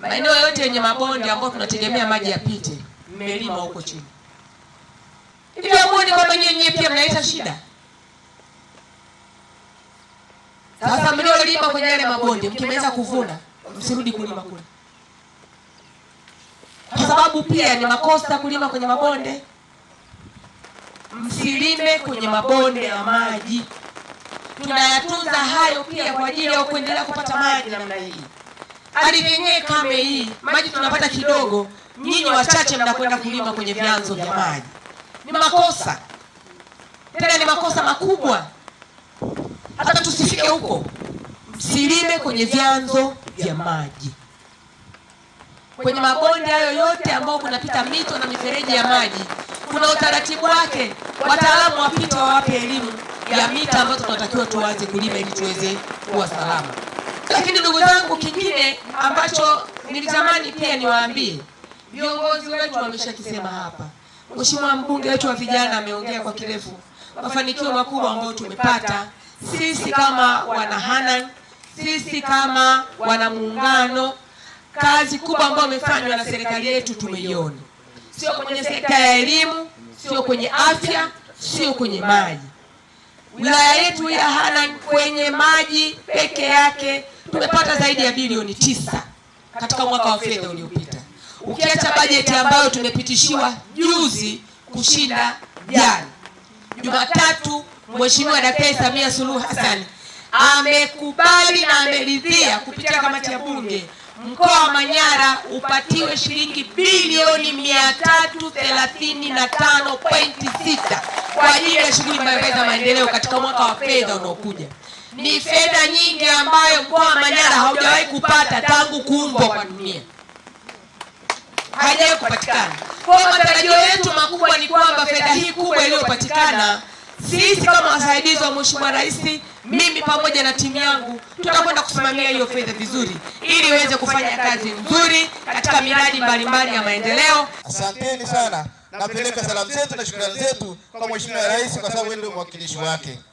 maeneo yote yenye mabonde ambayo tunategemea maji yapite, mmelima huko chini. Hivyo hamuoni kwamba nyenye pia mnaleta shida? Sasa mliolima kwenye yale mabonde, mkimaliza kuvuna msirudi kulima kule, kwa sababu pia ni makosa kulima kwenye mabonde. Msilime kwenye mabonde ya maji, tunayatunza hayo pia kwa ajili ya kuendelea kupata maji namna hii ardhi yenyewe kame hii, maji tunapata kidogo, nyinyi wachache mnakwenda kulima kwenye vyanzo vya maji. Ni makosa tena, ni makosa makubwa, hata tusifike huko. Msilime kwenye vyanzo vya maji, kwenye mabonde hayo yote ambao kunapita mito na mifereji ya maji, kuna utaratibu wake. Wataalamu wapita wawape elimu ya mita ambazo tunatakiwa tuanze kulima ili tuweze kuwa salama. Lakini ndugu zangu, kingine ambacho nilitamani pia niwaambie, viongozi wetu wameshakisema hapa. Mheshimiwa mbunge wetu wa vijana ameongea kwa kirefu mafanikio makubwa ambayo tumepata sisi kama wana Hanang', sisi kama wana Muungano. Kazi kubwa ambayo imefanywa na serikali yetu tumeiona, sio kwenye sekta ya elimu, sio kwenye afya, sio kwenye maji. Wilaya yetu ya Hanang' kwenye maji peke yake tumepata zaidi ya bilioni tisa katika mwaka wa fedha uliopita, ukiacha bajeti ambayo tumepitishiwa juzi kushinda jana. Jumatatu Mheshimiwa Daktari Samia Suluhu Hassan amekubali na ameridhia kupitia kamati ya Bunge mkoa wa Manyara upatiwe shilingi bilioni 335.6 kwa ajili ya shughuli mbalimbali za maendeleo katika mwaka wa fedha unaokuja. Ni fedha nyingi ambayo mkoa kupata tangu kuumbwa kwa dunia, haijawahi kupatikana. Kwa matarajio yetu makubwa ni kwamba fedha hii kubwa iliyopatikana, sisi kama wasaidizi wa Mheshimiwa Rais, mimi pamoja na timu yangu tutakwenda kusimamia hiyo fedha vizuri, ili iweze kufanya kazi nzuri katika miradi mbalimbali ya maendeleo. Asanteni sana, napeleka salamu zetu na shukrani zetu kwa Mheshimiwa Rais kwa sababu ndio mwakilishi wake.